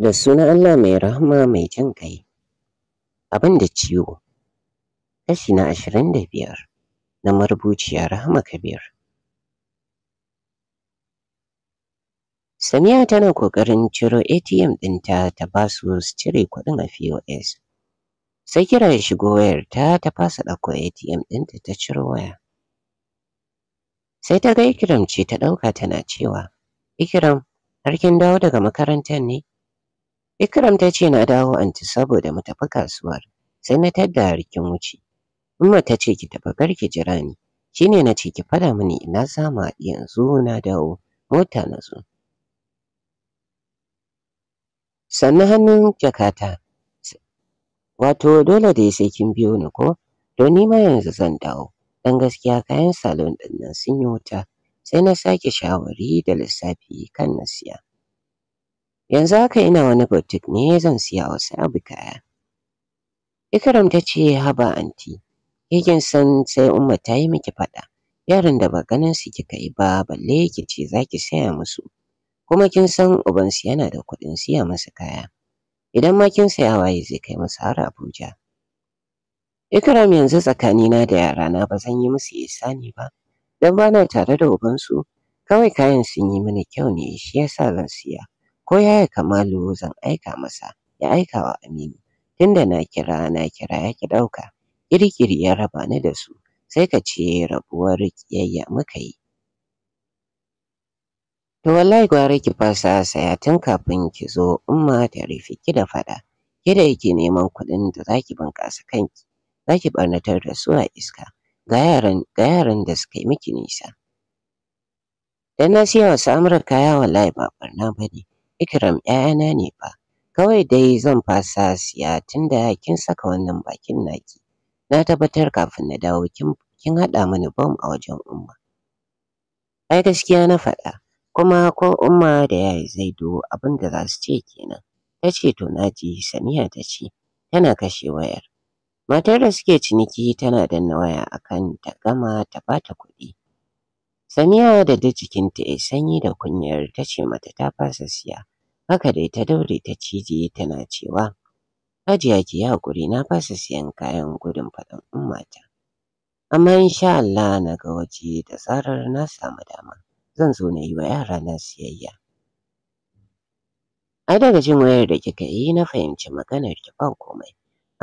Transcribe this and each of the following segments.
da sunan Allah mai rahama mai jin kai abin da ciwo kashi na ashirin da biyar na marubuciya rahama kabir samiya tana kokarin ciro atm ɗinta ta ba su su cire kuɗin a pos sai kira ya shigo wayarta ta fasa ɗauko atm ɗinta ta ciro waya sai ta ga ikiram ce ta ɗauka tana cewa ikiram har kin dawo daga makarantar ne Ikram ta ce na dawo anti saboda mu tafi kasuwar. Sai na tadda rikin wuce. Umma ta ce ki tafi kar jira ni. Shine na ce ki fada mini ina sama yanzu na dawo mota na zo. Sannan hannun jakata. Wato dole dai sai kin biyo ni ko? Don ni ma yanzu zan dawo. Dan gaskiya kayan salon ɗinnan nan sun yi wuta. Sai na sake shawari da lissafi kan na siya. yanzu haka ina wani boutique ne zan siya wasu abu kaya ikram ta ce haba anti kikin san sai umma ta yi miki faɗa yaran da ba ganin su kika yi ba balle ki ce za ki saya musu kuma kin san ubansu yana da kuɗin siya masa kaya idan ma kin saya waye zai kai masa har abuja ikram yanzu tsakanina da yarana ba zan yi musu isani ba don ba na tare da ubansu kawai kayan sun yi mini kyau ne shi yasa zan siya ko yaya Kamalu zan aika masa ya aika wa Aminu tunda na kira na kira ya ki ɗauka ƙirƙiri ya raba ni da su sai ka ce rabuwar ƙiyayya muka yi. To wallahi gwara ki fasa saya tun kafin ki zo umma ta rufe ki da faɗa ki da yake neman kuɗin da za ki bunƙasa kanki za ki ɓarnatar da su a iska ga yaran da suka yi miki nisa. Dan na siya wa Amurka ya wallahi ba ɓarna ba ne Ikram 'ya'yana ne ba. Kawai dai zan fasa siya tunda kin saka wannan bakin naki. Na tabbatar kafin na dawo kin haɗa mani bom a wajen Umma. Ai gaskiya na faɗa, kuma ko Umma da zai Zaido abin da za su ce kenan. Ta ce to na ji, Samiya ta ce, tana kashe wayar. Matar da suke ciniki tana danna waya akan ta gama ta bata kuɗi. Samiya da ta jikinta ya sanyi da kunyar ta ce mata ta fasa siya. Haka dai ta daure ta cije tana cewa, Hajiya ki hakuri na fasa siyan kayan gudun faɗin ummata. Amma insha Allah na ga waje da zarar na samu dama. Zan zo na yi wa yara na siyayya. a daga jin wayar da kika yi na fahimci maganar ki ba komai.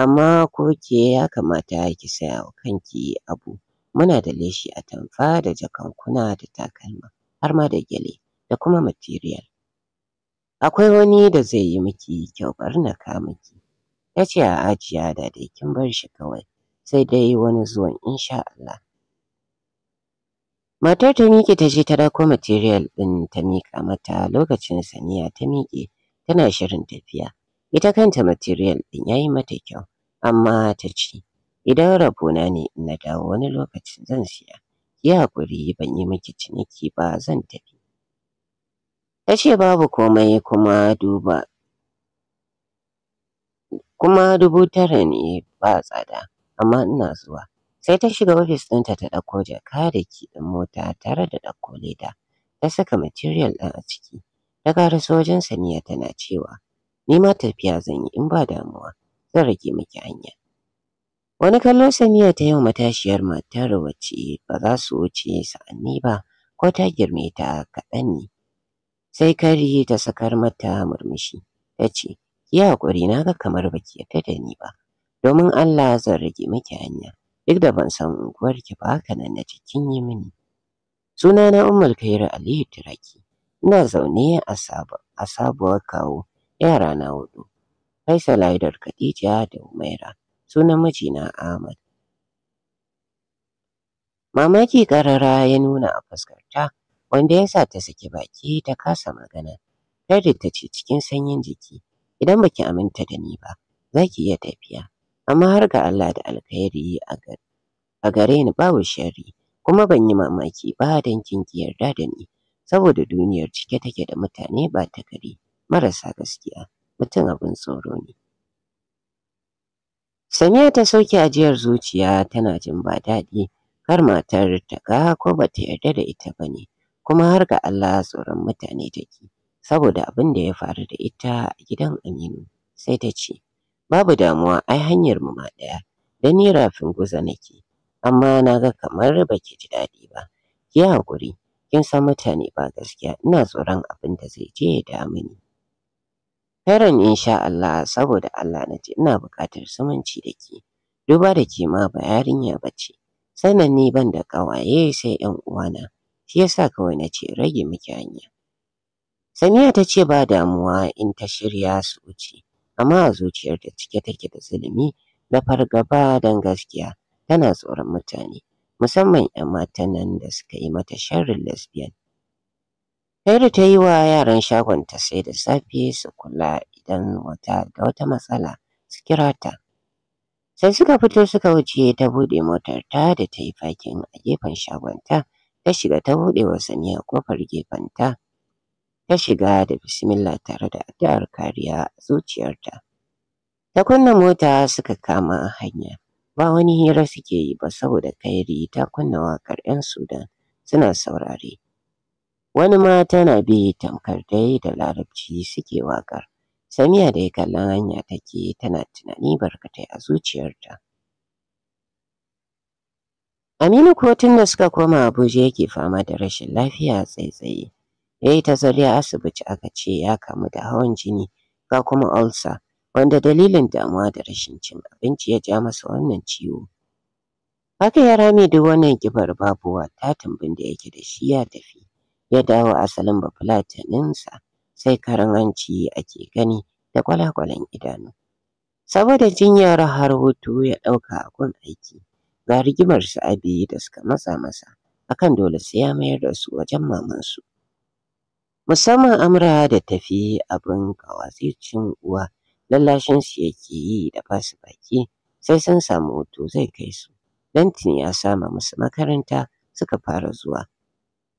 Amma ko ke ya kamata ki saya wa kanki abu Muna da leshi, a tamfa da jakankuna da takalma har ma da gyale da kuma materiyal. Akwai wani da zai yi miki kyau bari na kawo miki. Ya ce a ajiya da dai kin bar shi kawai sai dai wani zuwan in sha Allah. Matar ta miƙe ta je ta ɗauko materiyal ɗin ta miƙa mata lokacin saniya ta miƙe tana shirin tafiya. Ita kanta materiyal ɗin ya yi mata kyau amma ta ce idan rabona ne na dawo wani lokacin zan siya ki haƙuri ban yi miki ciniki ba zan tafi ta ce babu komai kuma duba kuma dubu tara ne ba tsada amma ina zuwa sai ta shiga ofis ɗinta ta ɗauko jaka da ki ɗin mota tare da ɗauko leda ta saka material ɗin a ciki ta ƙara wajen saniya tana cewa ni ma tafiya zan yi in ba damuwa zan rage miki hanya Wani kallo Samiya ta yi matashiyar matar wacce ba za su wuce sa'anni ba ko ta girme ta kaɗan ne. Sai kari ta sakar mata murmushi ta ce, Ki haƙuri na ga kamar ba ki yarda da ni ba, domin Allah zan rage miki hanya, duk da ban san unguwarki ba haka nan na jikin yi mini. Suna na Umar Khairu Aliyu Turaki, ina zaune a sabuwar kawo yarana hudu, Faisal Haidar Khadija da Umaira. Sunan mijina Ahmad. Mamaki ƙarara ya nuna a fuskarta wanda ya sa ta saki baki ta kasa magana. Redit ta ce cikin sanyin jiki, idan baki aminta da ni ba, za ki iya tafiya. Amma har ga Allah da alkhairi a gare ni babu sharri, kuma ban yi mamaki ba don kin ki yarda da ni, saboda duniyar cike take da mutane ba ta kare, marasa gaskiya, mutum abin tsoro ne. Samiya ta sauke ajiyar zuciya tana jin ba daɗi kar matar ta ga ko bata yarda da ita ba ne kuma har ga Allah tsoron mutane take saboda abin da ya faru da ita a gidan Aminu sai ta ce babu damuwa ai hanyar mu ma ɗaya da ni rafin guza nake amma na ga kamar baki ji daɗi ba ki hakuri kin san mutane ba gaskiya ina tsoron abin da zai je ya dami Khairan insha Allah saboda Allah na ce ina buƙatar zumunci da ke. Duba da ke ma ba yarinya ba ce. Sannan ni ban da ƙawaye sai ‘yan uwana. Shi yasa kawai na ce rage miki hanya. Saniya ta ce ba damuwa in ta shirya su wuce. Amma a zuciyar da cike take da zulumi da fargaba don gaskiya tana tsoron mutane. musamman 'yan matan nan da suka yi mata sharrin lesbian Khairu ta yi wa yaran shagonta sai da safe su kula idan wata da wata matsala su kira ta. Sai suka fito suka wuce ta buɗe motar ta da ta yi fakin a gefen shagonta ta shiga ta buɗe wa Saniya kofar gefenta ta shiga da bismillah tare da addu'ar kariya a zuciyarta. Ta kunna mota suka kama hanya. ba wani hira suke yi ba saboda kairi ta kunna waƙar 'yan Sudan suna saurare. wani ma tana bi tamkar dai da larabci suke waƙar. Samiya ya kallon hanya take tana tunani barkatai a zuciyarta. Aminu kuwa tun da suka koma Abuja yake fama da rashin lafiya tsaitsaye. Ya yi tazari a asibiti aka ce ya kamu da hawan jini ga kuma ulcer wanda dalilin damuwa da rashin cin abinci ya ja masa wannan ciwo. Haka ya rame duk wannan gibar babuwa ta tambun da yake da shi ya tafi. ya dawo asalin bafulataninsa sai karan hanci ake gani da kwalakwalan idanu. Saboda jinyar har hutu ya ɗauka a kun aiki ga rigimar su abi da suka matsa masa akan dole sai ya mayar da su wajen mamansu. Musamman Amra da tafi abin kawasicin uwa lallashin su yake yi da basu baki sai sun samu hutu zai kai su. Dantin ya sama musu makaranta suka fara zuwa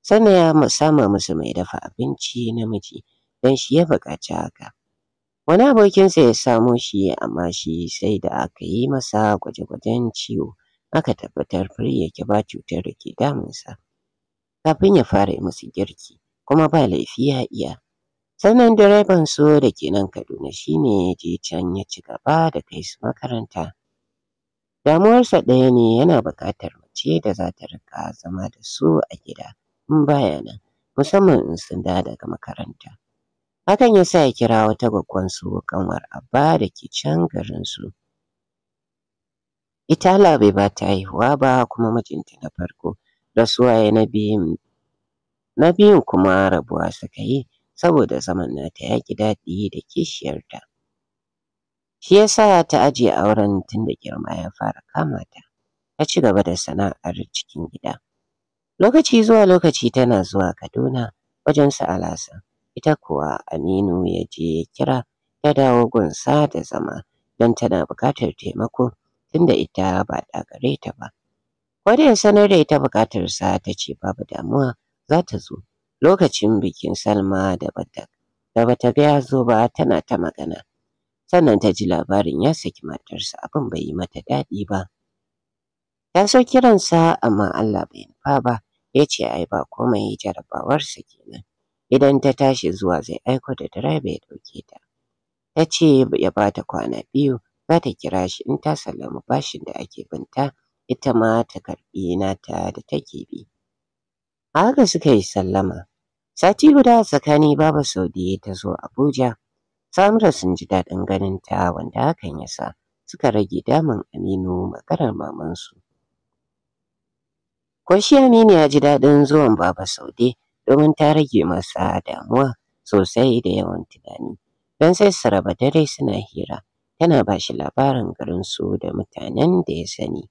sannan ya sama musu mai dafa abinci namiji don shi ya buƙaci haka. Wani abokinsa ya samo shi amma shi sai da aka yi masa gwaje-gwajen ciwo aka tabbatar fari yake ba cutar da ke damunsa. Kafin ya fara yi musu girki kuma ba laifi ya iya. Sannan direban su da ke nan Kaduna shi ne ya je can ya ci gaba da kai su makaranta. Damuwarsa ɗaya ne yana buƙatar mace da za ta riƙa zama da su a gida. in baya nan musamman in sun dawo daga makaranta. Hakan ya sa ya kira wata gwaggon su kanwar Abba da ke can garin su. ita bai ba ta haihuwa ba kuma mijinta na farko rasuwa ya na biyun na biyun kuma rabuwa suka yi saboda zaman nata ya ki daɗi da kishiyarta. Shi ya sa ta ajiye auren tun da girma ya fara kama ta, ta ci gaba da sana'ar cikin gida. Lokaci zuwa lokaci tana zuwa Kaduna wajen su Alasa ita kuwa Aminu ya je ya kira ta dawo gunsa da zama don tana buƙatar taimako tunda ita ba ɗa gare ta ba. Ko ya sanar da ita sa ta ce babu damuwa za ta zo lokacin bikin Salma da bata da bata ga zo ba tana ta magana. Sannan ta ji labarin ya saki matarsa abin bai yi mata daɗi ba. Ta so kiransa amma Allah bai nufa ba ya ce ai ba komai jarabawarsa kenan idan ta tashi zuwa zai aiko da direba ya dauke ta ta ce ya bata kwana biyu za ta kira shi in ta sallama bashin da ake binta ita ma ta karɓi nata da take bi a haka suka yi sallama sati guda tsakani baba Saude ta zo abuja samura sun ji daɗin ganin ta wanda hakan yasa suka rage damun aminu makarar mamansu Ko Aminu ya ji daɗin zuwan Baba Saude domin ta rage masa damuwa sosai da yawan tunani. Don sai su dare suna hira, tana ba shi labarin su da mutanen da ya sani.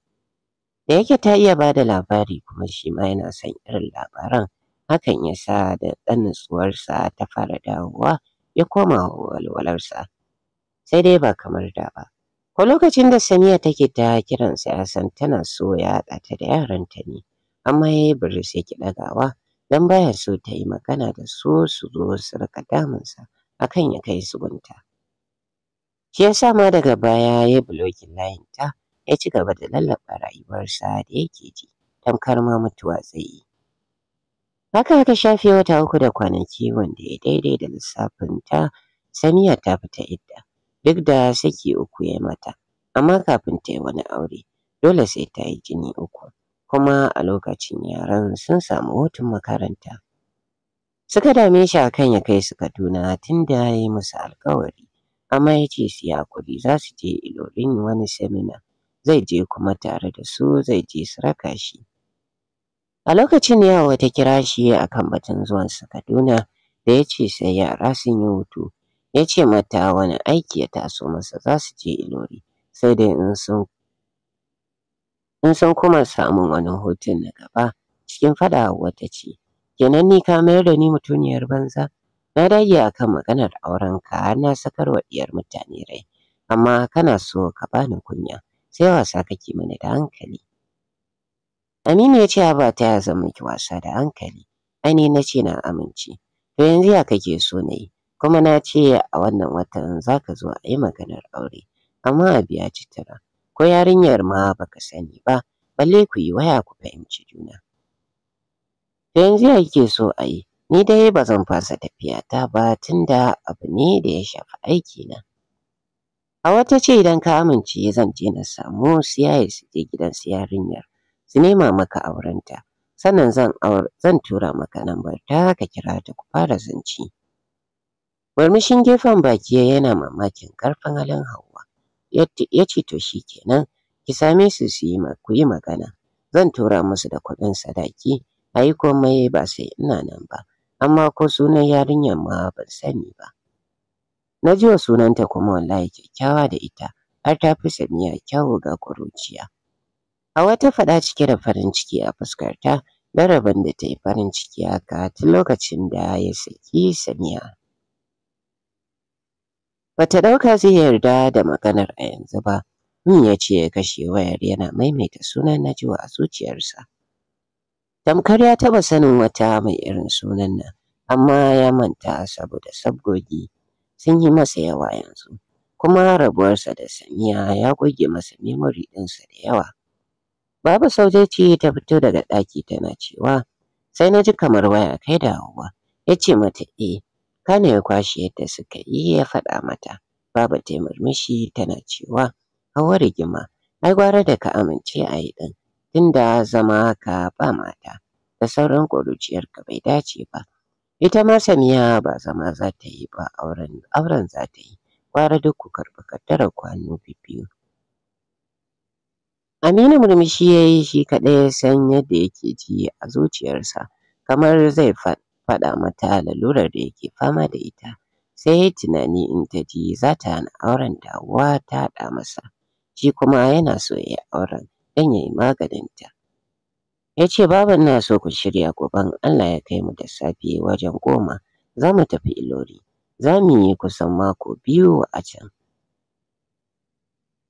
Da yake ta iya ba da labari kuma shi ma yana son irin labaran, hakan ya sa da ɗan nutsuwarsa ta fara dawowa ya koma walwalarsa. Sai dai ba kamar da ba. Ko lokacin da Samiya take ta kiransa ya san tana so ya haɗa ta da yaranta ne. amma sai ki ɗagawa don baya so ta yi magana da su su zo su riƙa damunsa akan ya kai su gunta. Shi ya ma daga baya ya bulokin layinta ya ci gaba da lallaɓa rayuwarsa da yake ji tamkar ma mutuwa tsaye. Haka aka shafe wata uku da kwanaki wanda ya daidai da lissafin ta Saniya ta fita idda duk da saki uku ya mata amma kafin ta yi wani aure dole sai ta yi jini uku. kuma a lokacin yaran sun samu hutun makaranta. Suka dame shi a kan ya kai su Kaduna tun da ya yi musu alkawari, amma ya ce su kuɗi za su je Ilorin wani semina, zai je kuma tare da su zai je su raka shi. A lokacin yawa ta kira shi a kan batun zuwansa Kaduna da ya ce sai yara sun yi hutu, ya ce mata wani aiki ya taso masa za su je Ilori, sai dai in sun mun san kuma samun wani hutun na gaba cikin faɗa wata ce kenan ni ka mayar da ni mutuniyar banza na dage akan maganar auren ka har na sakar wa diyar mutane rai amma kana so ka bani kunya sai wasa kake mini da hankali Aminu ya ce ba ta ya zama miki wasa da hankali aini na ce na amince to yanzu ya kake so na yi kuma na ce a wannan watan za ka zo a yi maganar aure amma a biya ci ko yarinyar ma baka sani ba balle ku yi waya ku fahimci juna. Da yanzu ya ke so a yi ni dai ba zan fasa tafiya ta ba tunda abu ne da ya shafi na. A wata ce idan ka amince zan je na samu siyaye su je gidan su yarinyar su nema maka aurenta sannan zan zan tura maka lambar ta ka kira ta ku fara zance. Murmushin gefen baki yana mamakin ƙarfin halin hau. ya ce to shi kenan ki same su su yi ku yi magana zan tura musu da kuɗin sadaki a yi komai ba sai ina nan ba amma ko sunan yarinyar ma ban sani ba na ji wa sunanta kuma wallahi kyakkyawa da ita har ta fi samiya kyawu ga kuruciya A wata faɗa cike da farin ciki a fuskarta na da ta yi farin ciki haka tun lokacin da ya saki Samiya. Bata ɗauka zai yarda da maganar a yanzu ba. Min ya ce ya kashe wayar yana maimaita sunan najiwa a zuciyarsa. Tamkar ya taɓa sanin wata mai irin sunan nan, amma ya manta saboda sabgogi sun yi masa yawa yanzu. Kuma rabuwarsa da Samiya ya goge masa memori ɗinsa da yawa. Baba Saudeci ta fito daga ɗaki tana cewa, sai na ji kamar waya kai dawowa. Ya ce mata eh, Kano ya kwashe yadda suka yi ya faɗa mata. Baba ta murmushi tana cewa Hauwa rigima ai gwara da ka amince a yi ɗin tunda zama ka ba mata da sauran ƙuruciyarka bai dace ba. Ita ma Samiya ba zama za ta yi ba auren za ta yi gwara duk ku karɓi kaddarar kwano biyu bibbiyu. Aminu murmushi ya yi shi kaɗai ya san yadda yake ji a zuciyarsa kamar zai faɗi. faɗa mata lalurar da yake fama da ita. Sai yayi tunani in ta ji za ta hana auren da wa ta haɗa masa. Shi kuma yana so ya yi auren dan yayi maganin ta yace ce ina so ku shirya gobe. Allah ya kai mu da safe wajen goma zamu tafi Ilori. Za yi kusan mako biyu a can.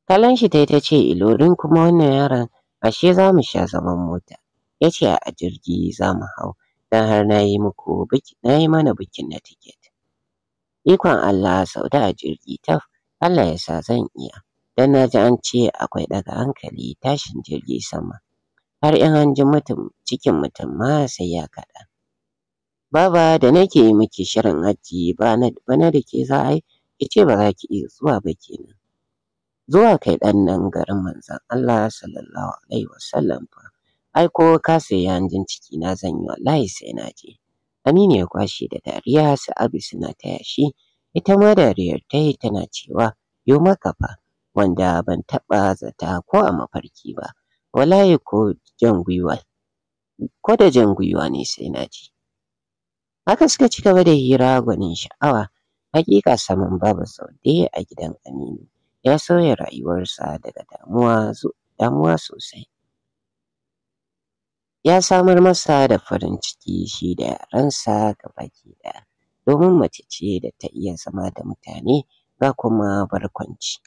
Kalan shi tayi tace ce Ilorin kuma wannan yaron ashe zamu sha zaman mota. yace ce a jirgi zamu hau. dan har na yi muku na yi mana bikin na tiket. Ikon Allah sau da jirgi taf Allah ya sa zan iya. Dan na ji an ce akwai daga hankali tashin jirgi sama. Har in an ji mutum cikin mutum ma sai ya kaɗa. Baba da nake yi miki shirin aji ba da ke za a yi ki ce ba za ki iya zuwa ba kenan. Zuwa kai dan nan garin manzon Allah sallallahu alaihi wasallam ai ko ka sayi hanjin ciki na zan yi wallahi sai na je Aminu ya kwashe da dariya Sa'adu suna taya shi ita ma dariyar ta yi tana cewa yo maka fa wanda ban taɓa zata ko a mafarki ba wallahi ko jan gwiwa ko da jan gwiwa ne sai na ji haka suka ci gaba da hira gwanin sha'awa hakika saman babu sau ɗaya a gidan Aminu ya sauya rayuwarsa daga damuwa sosai ya samar masa da farin ciki shi da yaransa gabaki ɗaya domin mace ce da ta iya zama da mutane ga kuma barkwanci.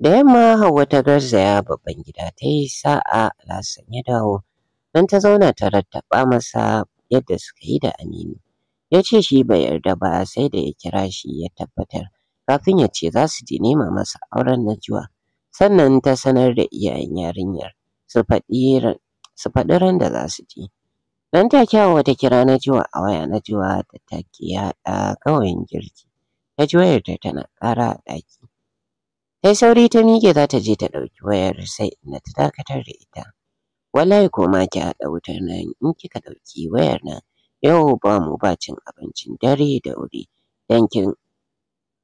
Da yamma Hauwa ta garzaya babban gida ta yi sa'a Alhassan ya dawo don ta zauna ta rattaba masa yadda suka yi da Aminu. Ya ce shi bai yarda ba sai da ya kira shi ya tabbatar kafin ya ce za su je nema masa auren na Najwa. sannan ta sanar da iyayen yarinyar su faɗi su ran da za su je. Nan take Hauwa ta kira Najwa a waya na ta take ya gawayin girki. Ta ji wayarta tana ƙara a ɗaki. Ta sauri ta miƙe za ta je ta ɗauki wayar sai inda ta dakatar da ita. Wallahi ko ma ki haɗa wutar nan in kika ɗauki wayar nan yau ba mu ba cin abincin dare da wuri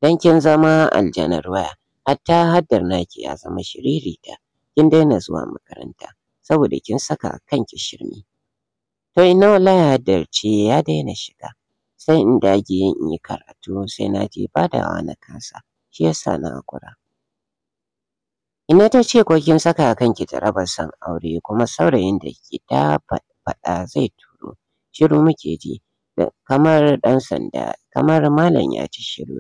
don kin zama aljanar waya. hatta haddar naki ya zama shiririta kin daina zuwa makaranta saboda kin saka kanki shirme to ina wallahi haddar ce ya daina shiga sai in dage yin yi karatu sai na je badawa na kasa shi yasa na hakura ina ta ce ko kin saka kanki jarabar san aure kuma saurayin da ke ta faɗa zai turo shiru muke ji kamar ɗan sanda kamar malam ya ci shiru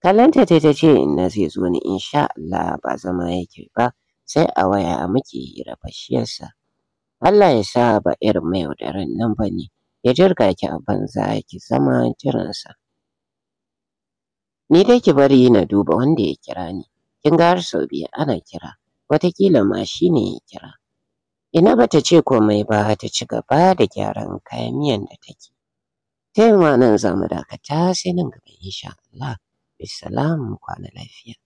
kallonta ta ta ce inna zai zo ni sha Allah ba zama yake ba sai a waya muke hira fashiyarsa Allah ya sa ba irin mai yaudaran nan ba ne ya jirga ki a banza ki zama jiransa ni dai ki bari na duba wanda ya kira ni kin ga har sau biyu ana kira watakila ma shi ya kira Ina ba ta ce komai ba ta ci gaba da gyaran kayan miyan da take. Ta yi nan za mu dakata sai nan gaba insha Allah. Bissalam, mu kwana lafiya.